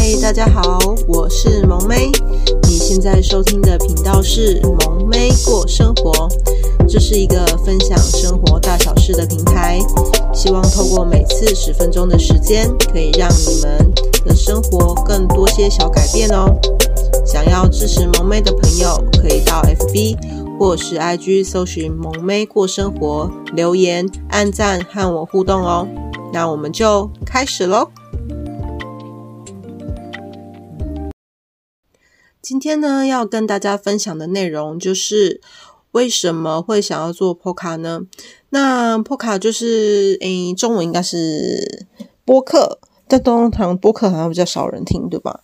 嗨，hey, 大家好，我是萌咩。你現在收聽的頻道是萌咩過生活，這是一個分享生活大小事的平台。希望透過每次十分鐘的時間，可以讓你們的生活更多些小改變哦。想要支持萌咩的朋友，可以到 FB 或是 IG 搜尋“萌咩過生活”，留言、按讚和我互動哦。那我們就開始嘍。今天呢，要跟大家分享的內容就是為什麼會想要做 podcast 呢？那 podcast 就是，誒、欸、中文應該是播客，在東東堂播客好像比較少人聽，對吧？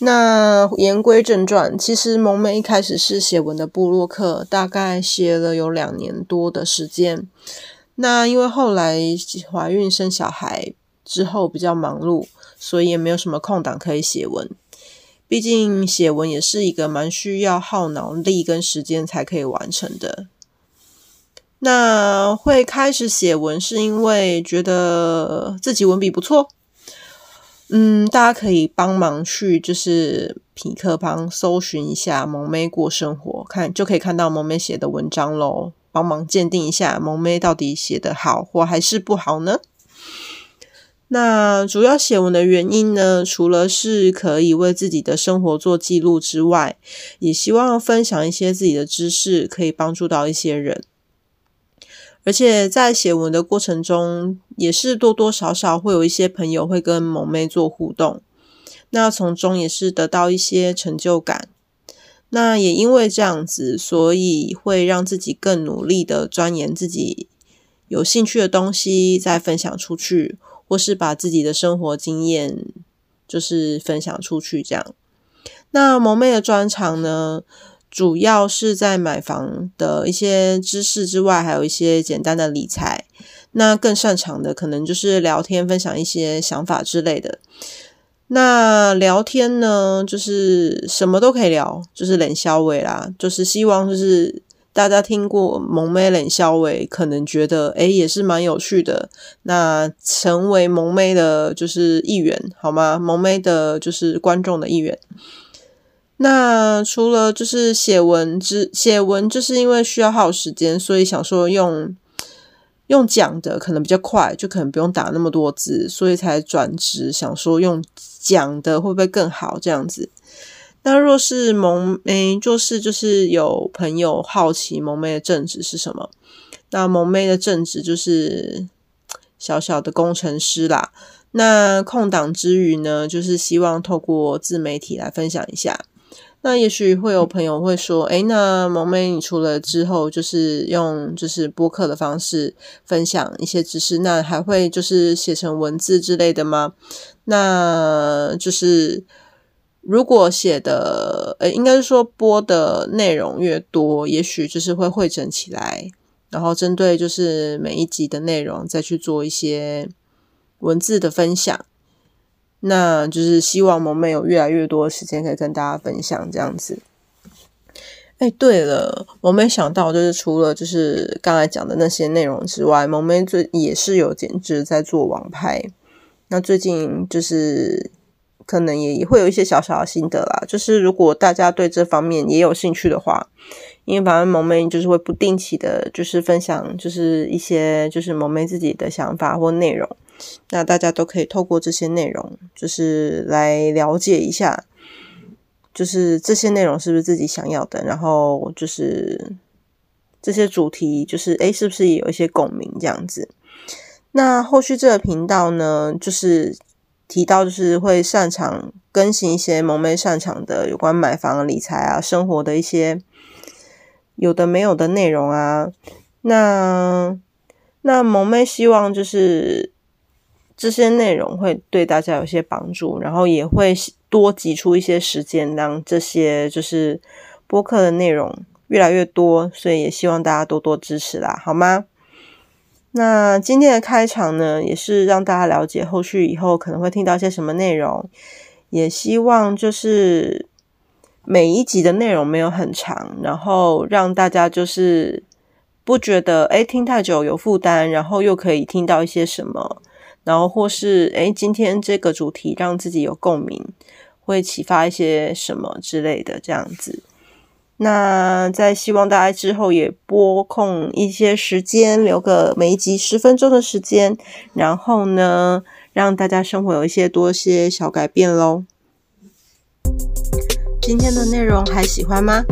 那言歸正傳，其實萌咩一開始是寫文的部落客，大概寫了有兩年多的時間。那因為後來懷孕生小孩之後比較忙碌，所以也沒有什麼空檔可以寫文。畢竟寫文也是一個蠻需要耗腦力跟時間才可以完成的。那會開始寫文是因為覺得自己文筆不錯。嗯，大家可以幫忙去就是痞客邦搜尋一下萌咩過生活，看就可以看到萌咩寫的文章嘍。幫忙鑒定一下萌咩到底寫的好或還是不好呢？那主要寫文的原因呢？除了是可以為自己的生活做記錄之外，也希望分享一些自己的知識，可以幫助到一些人。而且在寫文的過程中，也是多多少少會有一些朋友會跟萌咩做互動，那從中也是得到一些成就感。那也因為這樣子，所以會讓自己更努力的鑽研自己有興趣的東西，再分享出去。或是把自己的生活經驗就是分享出去，這樣。那萌咩的專長呢，主要是在買房的一些知識之外，還有一些簡單的理財。那更擅長的可能就是聊天，分享一些想法之類的。那聊天呢，就是什麼都可以聊，就是冷笑偉啦，就是希望就是。大家聽過萌咩冷笑偉，可能覺得誒也是蠻有趣的。那成為萌咩的就是一員，好嗎？萌咩的就是觀眾的一員。那除了就是寫文之，寫文就是因為需要耗時間，所以想說用用講的可能比較快，就可能不用打那麼多字，所以才轉職，想說用講的會不會更好？這樣子。那若是萌咩，做、欸、是就是有朋友好奇萌咩的正職是什麼？那萌咩的正職就是小小的工程師啦。那空檔之餘呢，就是希望透過自媒體來分享一下。那也許會有朋友會說：“誒、欸、那萌咩，你除了之後就是用就是播客的方式分享一些知識，那還會就是寫成文字之類的嗎？”那就是。如果寫的誒、欸、應該是說播的內容越多，也許就是會彙整起來，然後針對就是每一集的內容再去做一些文字的分享，那就是希望萌咩有越來越多的時間可以跟大家分享這樣子。誒、欸、對了，我沒想到就是除了就是剛才講的那些內容之外，萌咩最也是有兼職在做網拍，那最近就是。可能也也會有一些小小的心得啦，就是如果大家對這方面也有興趣的話，因為反正萌咩就是會不定期的，就是分享，就是一些就是萌咩自己的想法或內容，那大家都可以透過這些內容，就是來了解一下，就是這些內容是不是自己想要的，然後就是這些主題，就是哎，是不是也有一些共鳴這樣子？那後續這個頻道呢，就是。提到就是會擅長更新一些萌咩擅長的有關買房、理財啊、生活的一些有的沒有的內容啊。那那萌咩希望就是這些內容會對大家有些幫助，然後也會多擠出一些時間，讓這些就是播客的內容越來越多。所以也希望大家多多支持啦，好嗎？那今天的開場呢，也是讓大家了解後續以後可能會聽到一些什麼內容，也希望就是每一集的內容沒有很長，然後讓大家就是不覺得，欸，聽太久有負擔，然後又可以聽到一些什麼，然後或是，欸，今天這個主題讓自己有共鳴，會啟發一些什麼之類的這樣子。那在希望大家之後也撥空一些時間，留個每一集十分鐘的時間，然後呢，讓大家生活有一些多些小改變嘍。今天的內容還喜歡嗎？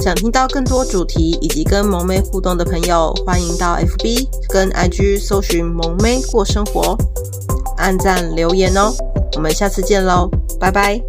想聽到更多主題以及跟萌咩互動的朋友，歡迎到 FB 跟 IG 搜尋“萌咩過生活”，按讚留言哦。我們下次見嘍，拜拜。